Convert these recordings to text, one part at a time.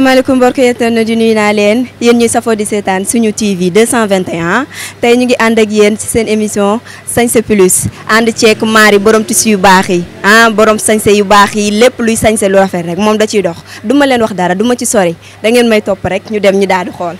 asalaamaaleykum mbokk yi di nuyu naa leen yéen ñi safoo di seetaan suñu TV 221 tey ñu ngi ànd ak yéen ci seen émission sañse plus ànd ceek yi borom tissu yu baax yi ah borom sañse yu baax yi lépp luy sañse lu rafet rek moom da ciy dox du leen wax dara du ma ci sori da ngeen may topp rek ñu dem ñi daal di xool.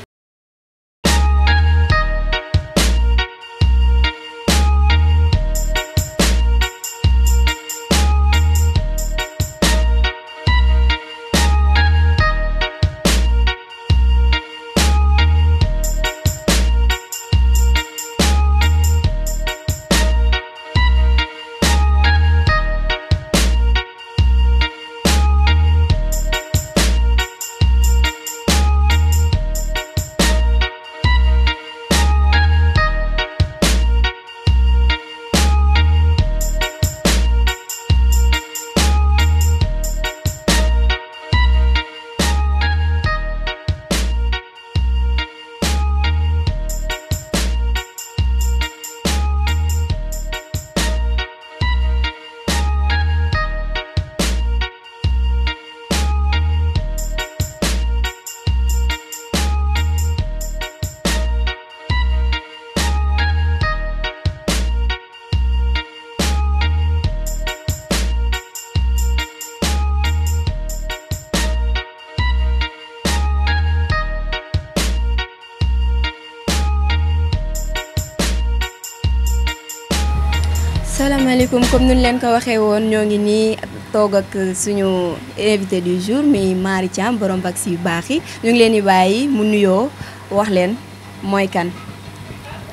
Assalamualaikum, comme nous len ko waxé won ñoo ngi nii toog ak suñu invité du jour mi mari Thiam borom vax yu baxi ñu ngi leen di bàyyi mu nuyo wax leen moy kan.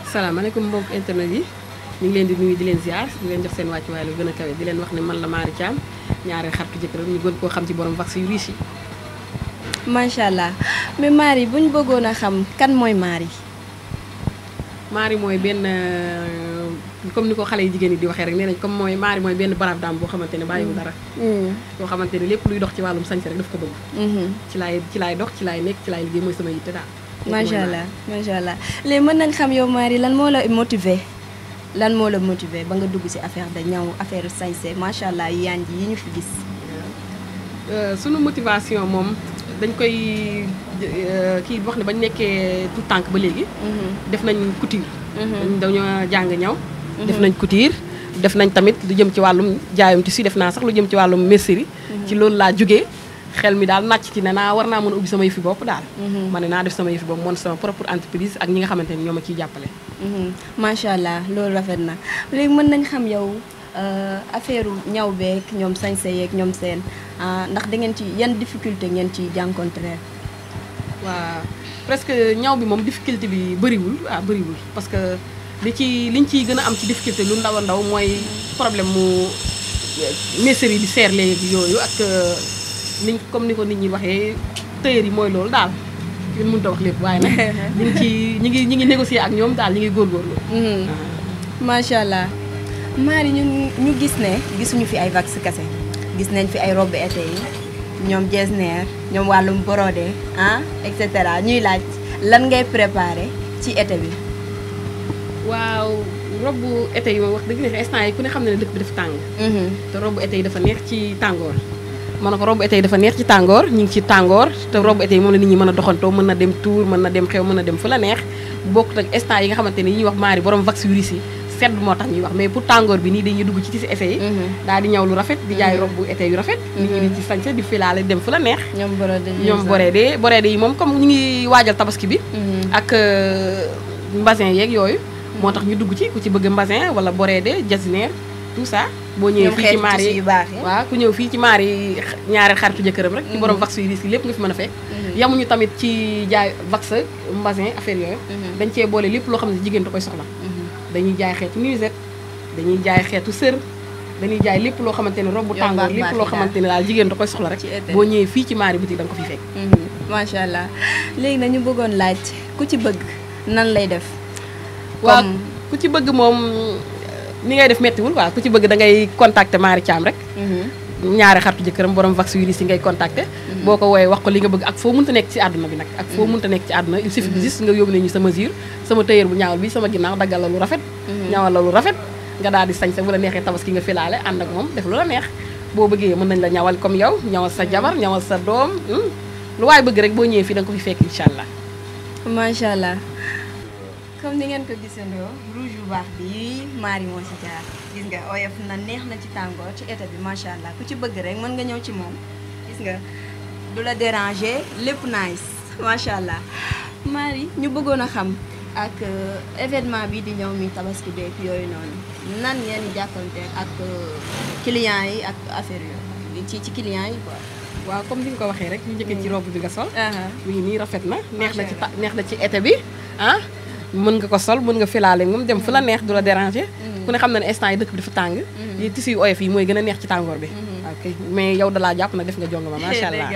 assalamualaikum mbok internet yi ñu ngi leen di nuyu di leen ziar di leen jox waccu way lu gëna kawé di leen wax ne man la Mary Thiam ñaareel xaritu jëkkëram ñu gën ko xam ci borom vax yu riche yi. macha allah mais Mary xam kan moy mari, mari moy ben. comme ni ko xale yi jigéen yi di waxee rek nee nañ comme mooy maari mooy benn brave dame boo xamante ne mm. bàyyiwul dara boo mm. xamante ne lépp luy dox ci wàllum sañse rek daf ko bëgg mm-hmm. ci laay laay dox ci laay nekk ci laay liggéey mooy sama yitte daal macha allah macha allah léegi mën nañ xam yow Marie lan moo la motivé lan moo la motivé ba nga dugg si affaire da ñaw affaire sañse macha allah yaan ji yi ñu fi gis euh, sunu motivation moom dañ koy euh, kii wax ne bañ nekkee tout tànk ba léegi mm-hmm. def nañ couture mm-hmm. dañoo jàng ñaw def nañ couture def nañ tamit lu jëm ci walum jaayum ci si def na sax lu jëm ci walum mercerie ci loolu la jógee xel mi daal nacc ci ne naa war naa mën a ubbi sama yëfi bopp daal mhm. ma ne naa def sama yëfi bopp mon sama propre entreprise ak ñi nga xamante ne ñoo ma ciy jàppale mhm. macha allah loolu rafet na léegi mën nañ xam yow euh, affaire ñaw beeg ñoom sañse yeeg ñoom seen ah, ndax da ngeen ci yan difficulté ngeen ci jànkontrer waaw presque ñaw bi moom difficulté bi bëriwul ah bëriwul parce que li ci liñ ciy gën a am ci difficulté lu ndaw a ndaw mooy problème mu euh, mesure yi di seer léegi yooyu ak euh, niñ comme ni ko nit ñi waxee tëyër yi mooy loolu daal ñun mënut a wax lépp waaye na ñu ngi ci ñu ngi ñu ngi négocier ak ñoom daal ñu ngi góorgóorlu mm-hmm. macha allah Marie ñu ñu gis ne gisuñu fi ay vax kase gis nañ fi ay robe été yi ñoom jees jesner ñoom wàllum borodé ah et cetera ñuy laaj lan ngay préparer ci été bi waaw robu été yi moom wax dëgg neex instant yi ku ne xam ne ne dëkk bi dafa tàng mhm. te robu été yi dafa neex ci tàngoor man a ko robu été yi dafa neex ci tàngoor ñu ngi ci tàngoor te robu été yi mën a doxantoo mën na dem tour mën na dem xew mën na dem fu la neex bokkut ak instant nga xamante ne yi ñuy wax maari borom vax yu riis yi tax ñuy wax mais pour tàngoor bi nii dañuy dugg ci tisi essai yi mhm. daal di ñaw lu rafet di jaay mhm. rob bu yu rafet nit ñi di ci sañse di filaale dem fu la neex ñoom boreede boreede yi moom comme ñu ngi waajal tabaski bi ak euh, mbasin yeeg yooyu moo tax ñu dugg ci ku ci bëgg mbasin wala borédé jasinaire tout ça boo ñëwee fii ci maar yi waaw ku ñëw fii ci maar yi ñaari xaritu jëkkëram rek borom mm-hmm. vax yu lépp nga fi mën a fekk mm-hmm. tamit ci jaay vax mbasin affaire yooyu mm-hmm. dañ cee boole lépp loo xam ne jigéen da koy soxla dañuy jaay xeetu nuisette dañuy jaay xeetu sër dañuy jaay lépp loo xamante ne robu tàngoor lépp loo xamante ne daal jigéen da koy soxla rek boo ñëwee fii ci maari boutique da ko fi fekk macha allah léegi ñu bëggoon laaj ku ci bëgg nan lay def waa ku ci bëgg moom ni ngay def méttiwul waa ku ci bëgg da ngay contacter Marie Thiam rek mhm. ñaari xartu jëkkëram borom vax yu si ngay contacter mhm. boo ko wooyee wax ko li nga bëgg ak foo mënta nekk ci àdduna bi nag ak foo mënta mhm. nekk ci àdduna il suffit juste nga yóbbu nañu sa mesure sama tailleur bu ñaawal bi sama ginnaaw daggal la lu rafet ñaawal la lu rafet nga daal di sañse bu la neexee tabaski nga filaale ànd ak moom def lu la neex boo bëggee mën nañ la ñawal comme yow ñawal sa jabar ñawal sa doom hmm. lu waay bëgg rek boo ñëwee fii da nga ko fi fekk comme ni ngeen ko gissendo rouge bu baax bi mari mo ci jaar gis nga oyef oh, ya, na neex na ci tango ci état bi machallah ku ci bëgg rek mën nga ñëw ci mom gis nga du la déranger lepp nice machallah mari ñu bëggoon xam ak événement eh, bi di ñëw mi tabaski be ak yoy non nan ngeen jàppante ak client yi ak affaire yi ci ci client yi quoi waaw comme ni nga ko waxee rek ñu jëkke ci mm. robe bi nga sol mu ni rafet na neex na ci neex na ci été bi ah mën nga ko sol mën nga filaale moom dem fu la neex du la déranger. Mm-hmm. ku ne xam na ne instant yi dëkk bi dafa tàng. yi mm-hmm. tissu oyof yi mooy gën a neex ci tàngoor bi. Mm-hmm. mais yow dalaa jàpp nag def nga jongoma macha allah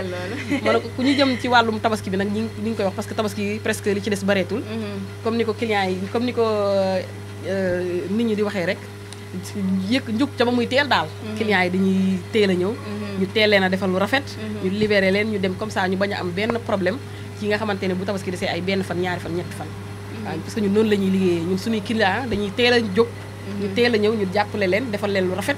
ma ku ñu jëm ci wàllum tabaski bi nag ñi ngi ngi koy wax parce que tabaski presque li ci des bareetul. comme ni ko clients yi comme ni ko euh, euh, nit ñi di waxee rek. yëkk njug ca ba muy teel daal. clients yi dañuy teel a ñëw. ñu teel a defal lu rafet. ñu libéré leen ñu dem comme ça ñu bañ a am benn problème ci nga xamante ne bu tabaski desee ay benn fan ñaari fan ñetti fan. waaw parce que ñun noonu la ñuy liggéeyee ñun suñuy client ah dañuy teel a jóg ñu mhm. teel a ñëw ñu jàppale leen defal leen lu rafet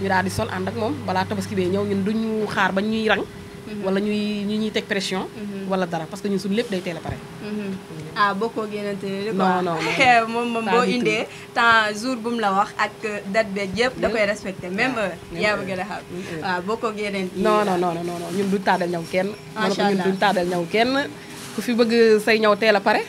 ñu daal di sol ànd ak moom balaa tabaski bee ñëw ñun duñu xaar ba ñuy rang mhm. wala ñuy ñi ñuy teg pression mhm. wala dara parce que ñun suñu lépp day teel a pare ah boo ko génnante rek non non moom moom boo mu la wax ak date beeg yëpp respecté même heure yaa bëgg a xam waaw boo ko génnante non non non non ñun kenn man ko ñun duñ taadal ku fi bëgg say ñaw teel a pare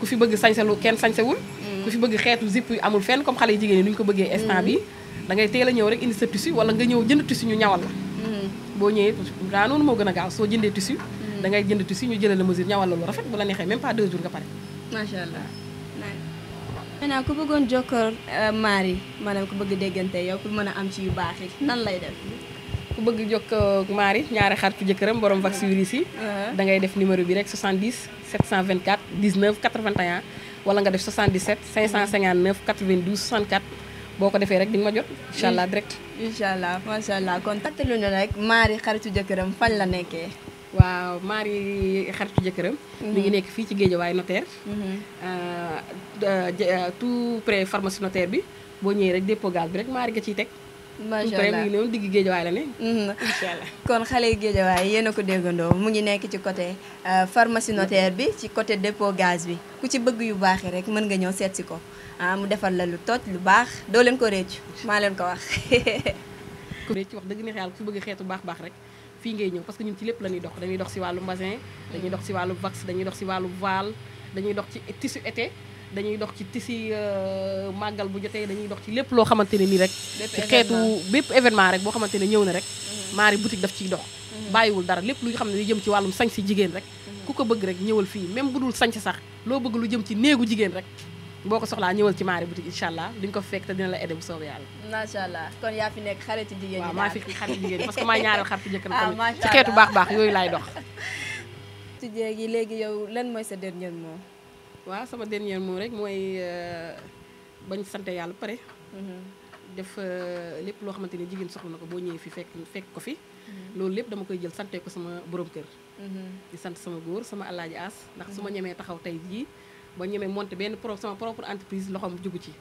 ku fi bëgg sañse lu kenn sañsewul mm. ku fi bëgg xeetu zip yu amul fenn comme xale yu jigéen yi nu ñu ko bëggee instant bi mm. dangay ngay teel a ñëw rek indi sa tissu wala nga ñëw jënd tissu ñu ñawal la mm. boo ñëwee daa noonu moo gën a gaaw soo jëndee tissu da ngay jënd tissu ñu jëlal la mesure ñawal la lu rafet bu la neexee même pas deux jours nga pare macha allah maintenant ku bëggoon jokkoor Marie maanaam ku bëgg déggante yow pour mën a am ci yu baax nan lay def ku bëgg jokkoo ak Marie ñaari xaritu jëkkëram borom vaccin virus yi. Uh-huh. da ngay def numéro bi rek 70 724 19 81. wala nga def 77 559 92 64 boo ko defee rek di nga ma jot. incha allah direct. incha allah macha allah kon tàttalu na rek Marie xaritu jëkkëram fan la nekkee. waaw Marie xaritu jëkkëram. mu mm-hmm. ngi nekk fii ci Guédiawaye notaire. Mm-hmm. Euh, tout près pharmacie notaire bi boo ñëwee rek dépôt bi rek Marie nga ciy teg. macha allah mu digg géejawaay la ne. Mhm. incha allah kon xale yu géejawaay yéen a ko déggandoo mu ngi nekk ci côté euh, pharmacie notaire bi ci côté dépôt gaz bi ku ci bëgg yu baax rek mën nga ñëw seet si ko ah mu defar la lu toj lu baax doo leen ko réccu maa leen ko wax. ku réccu wax dëgg neex bëgg xeetu baax baax rek. fii ngay ñëw parce que ñun ci lépp la ñuy dox dañuy dox si wàllu mbasin dañuy dox si wàllu vax dañuy dox si wàllu voile dañuy dox ci tissu été dañuy dox ci tisi euh, màggal bu jotee dañuy dox ci lépp loo xamante ne nii rek ci xeetu bépp événement rek boo xamante ne ñëw na rek mhm. maari boutique daf ciy dox mhm. bàyyiwul dara lépp lu xam ne lu jëm ci wàllum sañ si jigéen rek mhm. ku ko bëgg rek ñëwal fii même bu dul sañ sax loo bëgg lu jëm ci néegu jigéen rek boo ko soxlaa ñëwal ci maari boutique incha allah di nga ko fekk te dina la aidé bu soobee yàlla macha allah kon yaa fi nekk xaritu jigéen ñi waaw maa fi xaritu jigéen parce que maa ah, laay dox ci jéegi léegi lan mooy sa dernier mot waaw sama dernier mot rek mooy euh, bañ sante yàlla pare. Mhm. def euh, lépp loo xamante ni jigéen soxla na ko boo ñëwee fi fekk fekk ko fi. Mhm. loolu lépp dama koy jël sante ko sama borom kër. Mhm. di sant sama góor sama alaaji aas ndax su ma ñemee taxaw tey jii ba ñemee monté benn pro sama propre entreprise loxoom jugu ci.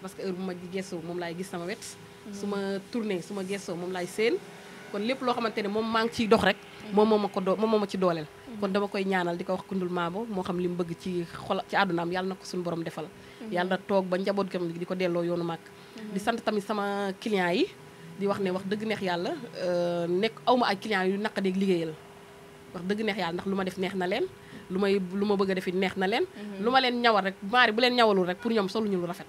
parce que heure bu ma gessoo moom laay gis sama wet. su ma tourné su ma gessoo moom laay séen kon lépp loo xamante ne moom maa ngi ciy dox rek. moom moo ma ko doo moom moo ma ci dooleel. kon dama koy ñaanal di ko wax kundul maabo moo xam li mu bëgg ci xol ci àddunaam yàlla na ko suñu borom defal mm-hmm. yàlla toog ba njaboot gam di ko delloo yoonu mag mm-hmm. di sant tamit sama client yi di wax ne wax dëgg neex yàlla euh, nekk awma ak client yu naqa deeg liggéeyal wax dëgg neex yàlla ndax lu ma def neex na leen lu may lu ma bëgg defit neex na leen mm-hmm. lu ma leen ñawal rek maari bu leen ñawalul rek pour ñoom soluñu lu rafet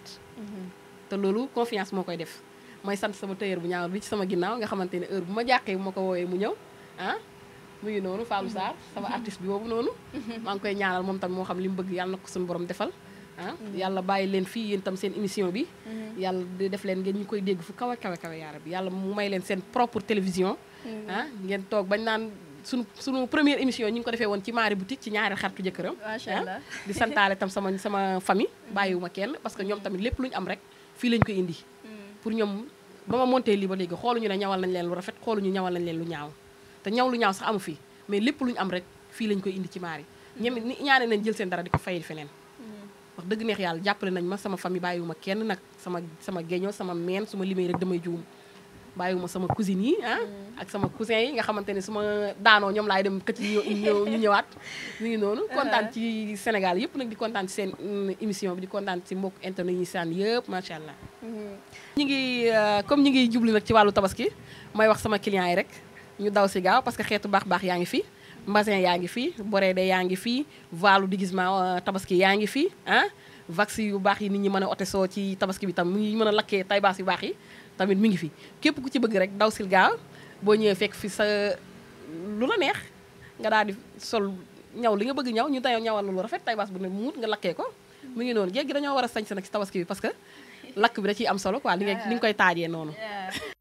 te loolu confiance moo koy def may sant sama tailleur bu ñaawal bi ci sama ginnaaw nga xamante ne heure bu ma jàqee bu ma ko woowee ñëw ah mu ngi noonu Fallou Sarr sama artiste bi boobu noonu maa ngi koy ñaanal moom tam moo xam li mu bëgg yàlla na ko suñu borom defal ah yàlla bàyyi leen fii yéen tam seen émission bi yàlla di def leen ngeen ñu koy dégg fu kaw a kawe a kaw yaara bi yàlla mu may leen seen propre télévision mm. ah ngeen toog bañ naan suñu suñu première émission ñu ngi ko defee woon ci maari boutique ci ñaari xaritu jëkkëram ah di santaale tam sama sama famille bàyyiwuma kenn parce que ñoom tamit lépp lu am rek fii lañ koy indi mm. pour ñoom ba ma monté lii léegi xooluñu ne ñawal nañ leen lu rafet xooluñu ñawal nañ leen lu te ñaw lu ñaaw sax amu fii mais lépp lu ñu am rek fii lañ koy indi ci maar yi ñeme ni mm-hmm. ñaane nañ jël seen dara di ko fayil feneen mm-hmm. wax dëgg neex yàlla jàppale nañ ma sama famille bàyyiwuma kenn nag sama sama géño sama meen su ma limee rek damay juum bàyyiwuma sama cousine yi ah mm-hmm. ak sama cousin yi nga xamante ne su ma daanoo ñoom laay dem këcc ñëw ñëwaat ñu ngi noonu uh-huh. kontaan ci Sénégal yëpp nag di kontaan seen mm, émission bi di kontaan si mbokk internet ñu saan yëpp macha allah. ñi ngi euh, comme ñi ngi jublu nag ci wàllu tabaski may wax sama client yi rek ñu daw ci gaaw parce que xéetu baax baax yaangi fi mbasin yaangi fi boré dé yaangi fi voilu déguisement euh, tabaski yaangi fi ah vaccin yu baax yi nit ñi mëna oté so ci tabaski bi tam mu ngi mën a lakkee tay yu baax yi tamit mi ngi fi képp ku ci bëgg rek daw sil gaaw bo ñëw fekk fi sa lu la neex nga daal di sol ñaw li nga bëgg ñaw ñu tayoo ñawal lu rafet tay baas bu ne muut nga laké ko mu ngi non géej gi dañoo wara sañ ci nak ci tabaski bi parce que lak bi da ci am solo quoi li nga ni koy tajé noonu